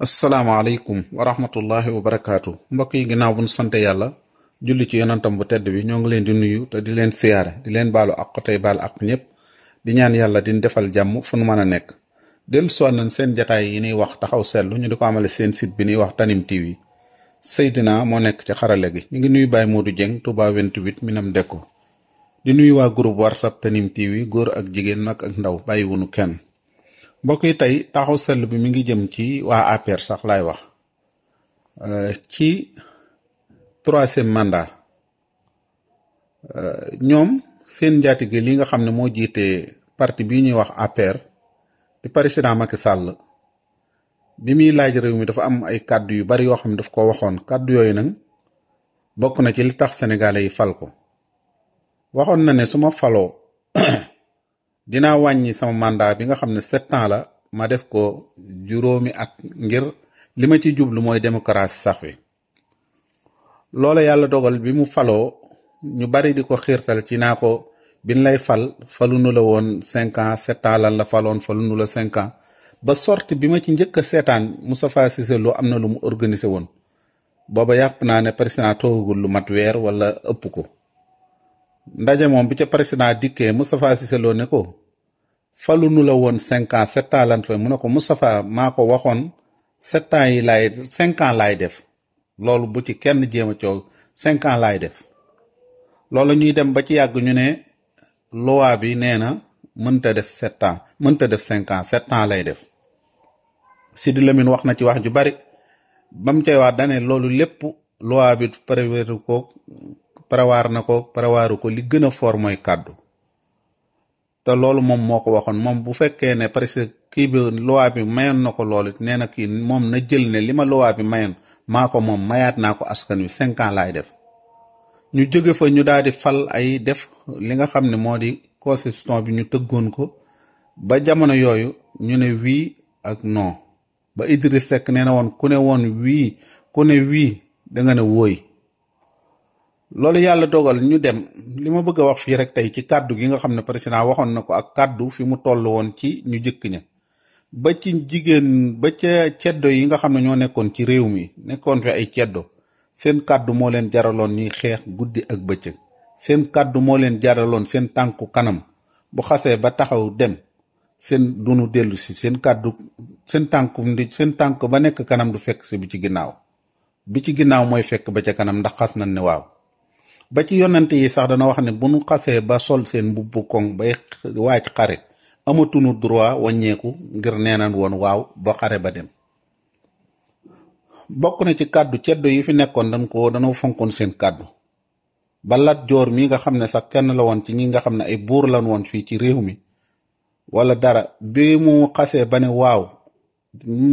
asalaamaaleykum wa rahmatullahi wa barakaatu mbokk yi ginnaaw bu ñu sant yàlla julli ci yonantam bu tedd bi ñoo ngi leen di nuyu te di leen siyaare di leen baalu ak tey baal ak ñëpp di ñaan yàlla di defal jàmm fu nu mën a nekk. dellu si nañ seen jataay yi ñuy wax taxaw seetlu ñu di ko amale seen sit bi ñuy wax Tanim TV Seydina moo nekk ci xarala gi ñu ngi nuyu Baye Modou Dieng Touba 28 Minam Deko di nuyu waa groupe WhatsApp Tanim yi góor ak jigéen mag ak ndaw bàyyiwunu kenn. mbokk yi tey taxaw sell bi mi ngi jëm ci waa APR sax laay wax euh, ci troisième mandat euh, ñoom seen njaatige li nga xam ne moo jiite parti bi ñuy wax APR di président Macky Sall bi muy laaj réew mi dafa am ay kàddu yu bari yoo xam ne daf ko waxoon kàddu yooyu nag bokk na ci li tax sénégalais yi fal ko waxoon na ne su ma faloo dinaa wàññi sama mandat bi nga xam ne sept la ma def ko juróomi at ngir li ma ci jublu mooy démocratie sax wi loola yàlla dogal bi mu faloo ñu bari di ko xiirtal ci naa ko bin lay fal falu nu la woon cinq ans sept la faloon falu nu la cinq ba sorti bi ma ci njëkk a seetaan Moustapha Cissé Lo am na lu mu organisé woon booba yàpp naa ne président toogagul lu mat weer wala ëpp ko ndaje moom bi ca président dikkee Moustapha Cissé Lo ne ko falu nu la woon cinq ans sept fa mu ne ko Moustapha maa ko waxoon sept ans yi laay cinq ans def loolu bu ci kenn jéem a coow cinq laay def loolu ñuy dem ba ci yàgg ñu ne loi bi nee na mënta def sept ans mënta def cinq ans lay def Sidi Lamine wax na ci wax ju bari bam mu cay wax loolu lépp loi bi prévéru ko prévoir na ko prévoiru ko li gën a fort mooy kàddu te loolu moom moo ko waxoon moom bu fekkee ne parce que kii bi loi bi mayoon na ko loolu it nee na kii moom na jël ne li ma loi bi mayoon maa ko moom mayaat naa ko askan wi cinquant laay def ñu jóge fa ñu daal di fal ay def li nga xam ne moo di constitution bi ñu tëggoon ko ba jamono yooyu ñu ne wii ak non ba Idriss sekk nee na woon ku ne woon wii ku ne wii da ne wóoy loolu yàlla dogal ñu dem li ma bëgg a wax fii rek tey ci kàddu gi nga xam ne président waxoon na ko ak kàddu fi mu toll woon ci ñu jëkk ña ba ci jigéen ba ca ceddo yi nga xam ne ñoo nekkoon ci réew mi nekkoon fi ay ceddo seen kàddu moo leen jaraloon ñuy xeex guddi ak bëccëg seen kàddu moo leen jaraloon seen tànku kanam bu xasee ba taxaw dem seen du nu dellu si seen kàddu seen tànku seen tànk ba nekk kanam du fekk si bi ci ginnaaw bi ci ginnaaw mooy fekk ba ca kanam ndax xas nañ ne waaw ba ci yonante yi sax dana wax ne bu nu xasee ba sol seen mbubbu koŋ bay waaj xare amatunu droit waññeeku ngir neenan woon waaw ba xare ba dem bokk na ci kàddu ceddo yi fi nekkoon dañ ko danoo fonkoon seen kàddu ba Lat Joor mi nga xam ne sax kenn la woon ci ñi nga xam ne ay buur lan woon fii ci réew mi wala dara bi mu xasee ba ne waaw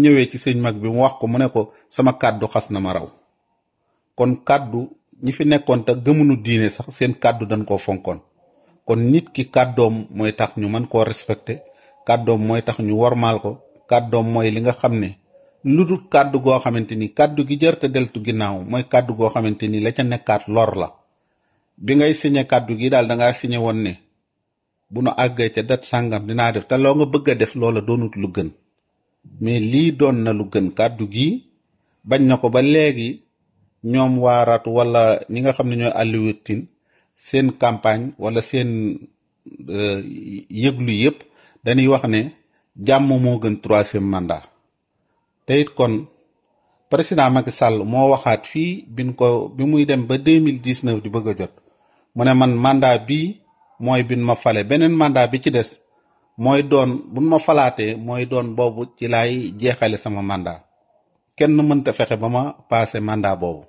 ñëwee ci sëñ mag bi mu wax ko mu ne ko sama kàddu xas na ma raw kon kàddu ñi fi nekkoon te gëmunu diine sax seen kàddu dañ koo fonkoon kon nit ki kàddoom mooy tax ñu mën koo respecté kàddoom mooy tax ñu wormaal ko kàddoom mooy li nga xam ne lu dul kàddu goo xamante ni kàddu gi jërte deltu ginnaaw mooy kàddu goo xamante ni la ca nekkaat lor la bi ngay signé kàddu gi daal danga ngaa woon ne bu nu àggee ca dat sàngam dinaa def te loo nga bëgg def loola doonut lu gën mais lii doon na lu gën kàddu gi bañ na ko ba léegi ñoom waa wala ñi nga xam ne ñooy Alioune Tine seen campagne wala seen euh, yëglu yëpp dañuy wax ne jàmm moo gën troisième mandat te it kon président Macky Sall moo waxaat fii bin ko bi muy dem ba deux mille dix neuf di bëgg a jot mu ne man mandat bii mooy bin ma fale beneen mandat bi ci des mooy doon buñ ma falaatee mooy doon boobu ci laay jeexale sama mandat kenn mënta fexe ba ma passé mandat boobu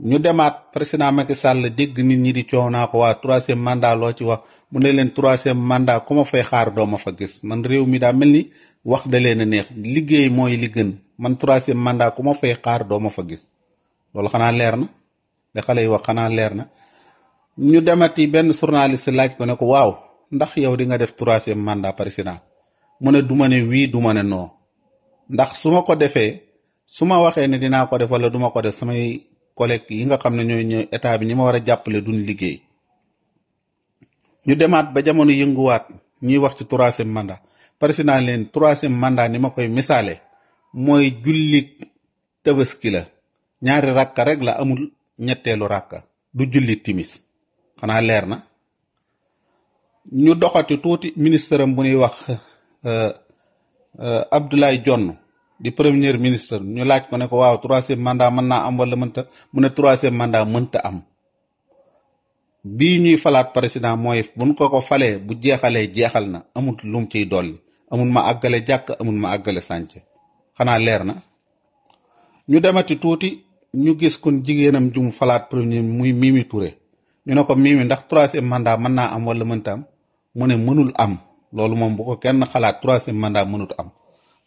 ñu demaat président Macky Sall dégg nit ñi di coow naa ko waa troisième mandat loo ci wax mu ne leen troisième mandat ku ma fay xaar doo ma fa gis man réew mi daa mel ni wax da leen a neex liggéey mooy li gën man troisième mandat ku ma fay xaar doo ma fa gis loolu xanaa leer na li xale yi wax xanaa leer na ñu yi benn journaliste laaj ko ne ko waaw ndax yow di nga def troisième mandat président mu ne du ma ne wii du ma ne non ndax su ma ko defee su ma waxee ne dinaa ko def wala du ko def samay. collègue yi nga xam ne ñooy ñooy état bi ñi ma war a jàppale duñ liggéey ñu demaat ba jamono yënguwaat ñuy wax ci troisième mandat président leen troisième mandat ni ma koy misaale mooy julli tabaski la ñaari ràkka rek la amul ñetteelu ràkka du julli timis xanaa leer na ñu doxati tuuti ministre am bu ñuy wax euh, euh, Abdoulaye Jonn di premier ministre ñu laaj ko ne ko waaw troisième mandat mën naa am wala mënta mu ne troisième mandat mënta am bii ñuy falaat président mooy buñ ko falee bu jeexalee jeexal na amul lum ciy dolli amul ma àggale jàkk amul ma àggale sànc xanaa leer na ñu demati tuuti ñu gis kon jigéenam ju falaat premier muy Mimi ñu ne ko Mimi ndax troisième mandat mën naa am wala mënta am mu ne mënul am loolu moom bu ko kenn xalaat troisième mandat mënut am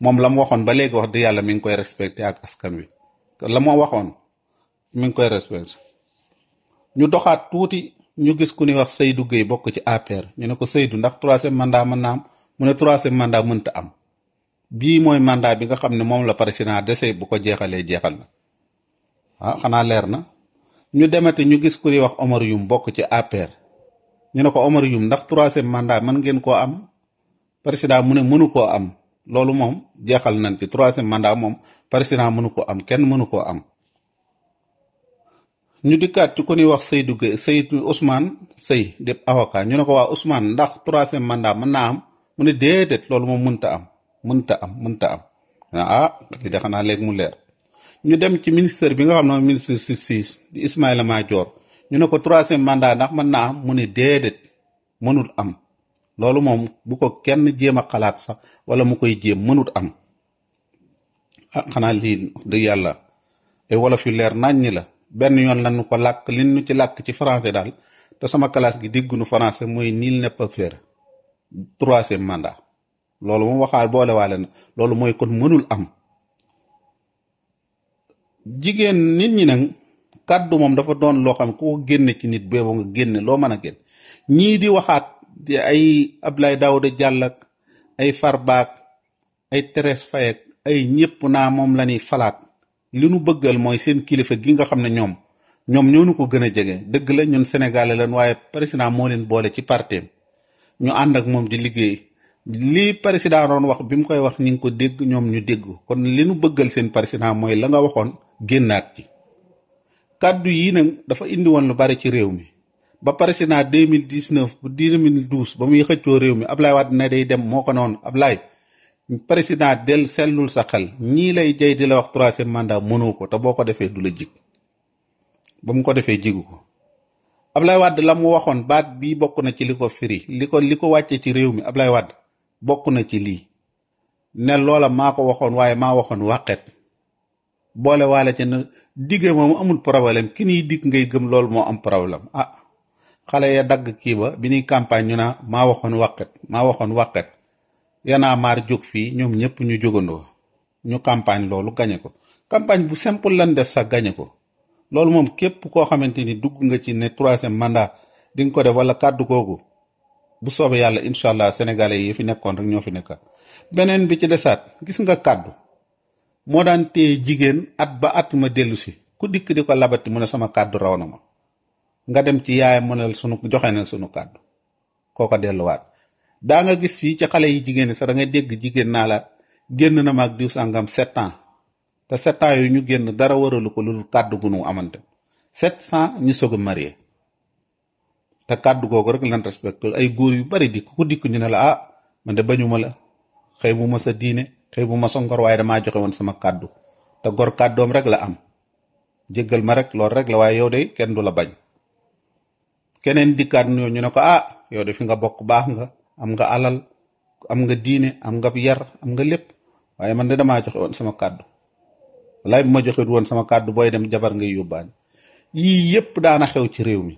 moom la mu waxoon ba léegi wax dëgg yàlla mu ngi koy respecté ak askan wi la ma waxoon mi ngi koy respecté ñu doxaat tuuti ñu gis ku ñuy wax Seydou Gueye bokk ci APR ñu ne ko Seydou ndax troisième mandat mën naa am mu ne troisième mandat am bii mooy mandat bi nga xam ne moom la président dese bu ko jeexalee jeexal na ah, xanaa leer na ñu demati ñu gis ku ñuy wax Omar Youm bokk ci APR ñu ne ko Omar Youm ndax troisième mandat mën ngeen koo am président mu ne mënu koo am. loolu moom jeexal nañ ci troisième mandat moom président mënu ko am kenn mënu koo am ñu dikkaat ci ku ñuy wax Seydou Gueye Seydou usmaan Seye di avocat ñu ne ko waa Ousmane ndax troisième mandat mën naa am mu ne déedéet loolu moom mënta am mënta am mënta am ah li defe naa léegi mu leer ñu dem ci ministère bi nga xam ne mooy ministre justice di Ismaïla Madior ñu ne ko troisième mandat ndax mën naa am mu ne déedéet mënul am loolu moom bu ko kenn jéem a xalaat sax wala mu koy jéem mënut am ah xanaa lii dëgg yàlla ay wolof yu leer nañ ñi la benn yoon lañu ko làkk li ñu ci làkk ci français daal te sama classe gi déggunu français mooy niil nepp ak faire troisième mandat loolu moom waxaal boole waale na loolu mooy kon mënul am jigéen nit ñi nag kàddu moom dafa doon loo xam ku ko génne ci nit boobu nga génne loo mën a génn ñii di waxaat di ay Ablaye Daouda Diallo ak ay farbaak ay teres Faye ak ay ñëpp naa moom la ñuy falaat li nu bëggal mooy seen kilifa gi nga xam ne ñoom ñoom ñoo nu ko gën a jege dëgg la ñun sénégalais lañ waaye président moo leen boole ci parteem ñu ànd ak moom di liggéey lii président doon wax bi mu koy wax ñi ngi ko dégg ñoom ñu dégg kon li nu bëggal seen président mooy la nga waxoon génnaat ci kàddu yi nag dafa indi woon lu bari ci réew mi ba naa président 2019 bu 2012 ba muy xëccoo réew mi Ablaye Wade ne day dem moo ko noonu Ablaye président del sellul sa xel ñii lay jay di la wax troisième mandat mënoo ko te boo ko defee du la jig ba mu ko defee jigu ko Ablaye Wade la mu waxoon baat bii bokk na ci li ko firi li ko li ko wàcce ci réew mi ab lay Wade bokk na ci lii ne loola maa ko waxoon waaye maa waxoon wàqet boole waale ci ne digge moom amul problème ki niy dig ngay gëm loolu moo am problème ah xale ya dagg kii ba bi nuy campagne ñu naa maa waxoon wàqet maa waxoon wàqet yanaa maar jóg fii ñoom ñëpp ñu jógandoo ñu campagne loolu gañe ko campagne bu simple lan def sax gañe ko loolu moom képp koo xamante ni dugg nga ci ne troisième mandat di nga ko def wala kàddu kooku bu soobee yàlla incha allah sénégalais yi fi nekkoon rek ñoo fi nekka beneen bi ci desaat gis nga kàddu moo daan téye jigéen at ba at ma dellu si ku dikk di ko labati mu ne sama kàddu nga dem ci yaayam mu ne sunu joxe na sunu kàddu kooka delluwaat daa nga gis fii ci xale yi jigéen ñi sax da ngay dégg jigéen naa la génn na maag diw sàngam sept te sept ans yooyu ñu génn dara waralu ko lu kàddu gu nu amante sept ans ñu soog a marié te kàddu googu rek lan respecté ay góor yu bari dikk ku dikk ñu ne la ah man de bañuma la xëy bu ma diine bu ma ngor waaye damaa joxe woon sama kàddu te gor kàddoom rek la am jéggal ma rek loolu rek la waaye yow de kenn du la bañ keneen dikkaat ñoo ñu ne ko ah yow de fi nga bokk baax nga am nga alal am nga diine am nga yar am nga lépp waaye man de damaa joxe woon sama kàddu walaay bu ma joxe woon sama kàddu booy dem jabar ngay yóbbaale yii yépp daana xew ci réew mi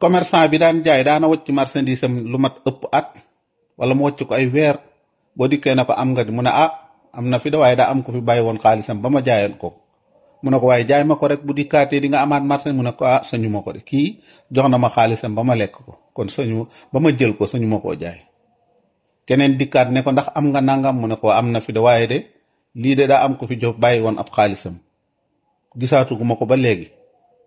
commerçant bi daan jaay daana wacc marchandise am lu mat ëpp at wala mu ko ay weer boo dikkee ne ko am nga di mu ne ah am na fi da daa am ko fi bàyyi woon xaalisam ba ma jaayoon ko mu ne ko waaye jaay ma ko rek bu dikkaatee di nga amaat marché mu ne ko ah, sañu ma ko de kii jox na ma xaalisam ba ma lekk ko kon sañu ba ma jël ko sañu ma koo jaay keneen dikkaat ne ko ndax am nga nangam mu ne ko am na fi de waaye de lii de daa am ko fi jox bàyyi woon ab xaalisam gisaatuguma ko ba léegi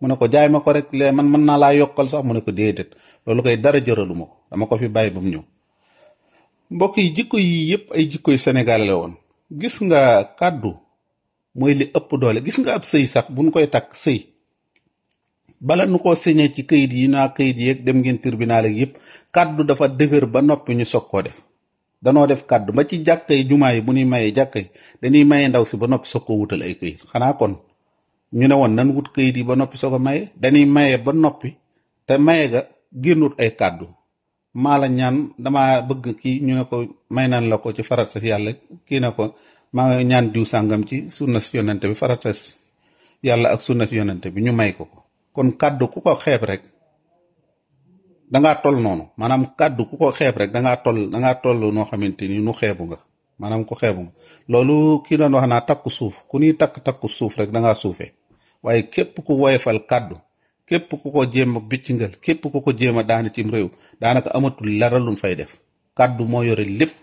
mu ne ko jaay ma ko rek lee man mën naa laa yokkal sax mu ne ko déedéet loolu koy dara jëralu ma ko dama ko fi bàyyi ba mu ñëw mbokk yi jikko yi yëpp ay jikkoy Sénégal la woon gis nga kàddu mooy li ëpp doole gis nga ab sëy sax buñ koy takk sëy bala nu ko signé ci kayit yi naa kayit yeeg dem ngeen tribunal ak yëpp kàddu dafa dëgër ba noppi ñu soog koo def danoo def kàddu ba ci jàkka jumaa yi bu ñuy mayee jàkka yi dañuy mayee ndaw si ba noppi soog koo wutal ay kayit xanaa kon ñu ne woon nan wut kayit yi ba noppi soog a maye dañuy maye ba noppi te maye ga génnut ay kàddu maa la ñaan dama bëgg kii ñu ne ko may naan la ko ci farata yàlla kii na ko maa ngi ñaan diw sàngam ci sunna si yonente bi faratas yàlla ak sunna si yonente bi ñu may ko kon kàddu ku ko xeeb rek dangaa toll noonu maanaam kàddu ku ko xeeb rek dangaa toll dangaa toll noo xamante ni nu xeebu nga maanaam ku xeebu nga loolu kii doon wax naa takku suuf ku ñuy takk takku suuf rek dangaa suufee waaye képp ku woyofal kàddu képp ku ko jéem a biccingal képp ku ko jéem a daani cim réew daanaka amatul lara luñ fay def kàddu moo yore lépp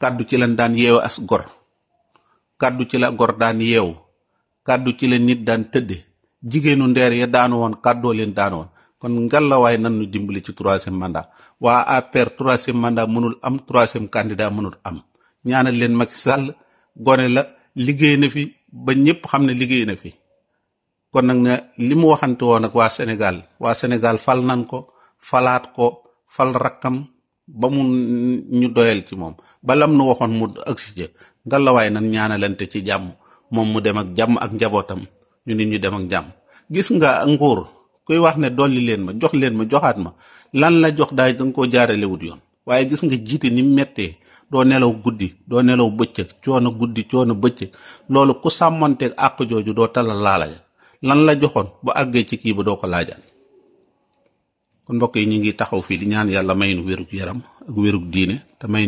kàddu ci lan daan yeewa as gor kàddu ci la gor daan yeewu kàddu ci la nit daan tëdde jigéenu ndeer ya daan woon kàddoo leen daan woon kon ngallaawaay nan nu dimbali ci troisième mandat waa APR troisième mandat mënul am troisième candidat mënul am ñaanal leen mag Sall gone la liggéey na fi ba ñëpp xam ne liggéey na fi kon nag na li mu waxante woon ak waa senegal waa Sénégal fal nan ko falaat ko fal rakkam ba mu ñu doyal ci moom balam nu waxoon mu agsi ngalawaay nan ñaanalante ci jàmm moom mu dem ak jàmm ak njabootam ñu nit ñu dem ak jàmm gis nga nguur kuy wax ne dolli leen ma jox leen ma joxaat ma lan la jox daay danga koo jaaralewut yoon waaye gis nga jiite ni mettee doo nelaw guddi doo nelaw bëccëg coono guddi coono bëccëg loolu ku sàmmanteeg àq jooju doo talal laala lan la joxoon bu àggee ci kii ba doo ko laajaat kon mbokk yi ñu ngi taxaw fii di ñaan yàlla may nu wérug yaram ak wérug diine te may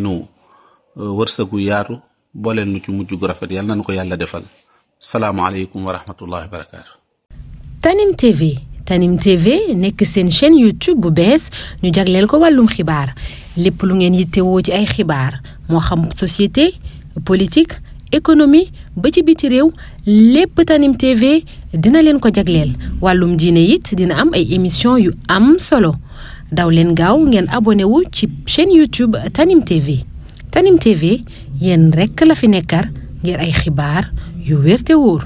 euh, booleel nu ci mujj gu rafet yàlla nañu ko yàlla defal salaamaaleykum wa rahmatullahi wa barakaatu. Tanim TV nekk seen chaîne YouTube bu bees ñu jagleel ko wàllum xibaar lépp lu ngeen yittewoo ci ay xibaar moo xam société politique économie ba ci biti réew lépp Tanim TV dina leen ko jagleel wàllum diine it dina am ay émission yu am solo daw leen gaaw ngeen abonné ci chaîne YouTube Tanim TV. Tanim TV yéen rekk la fi nekkar ngir ay xibaar yu weer te wóor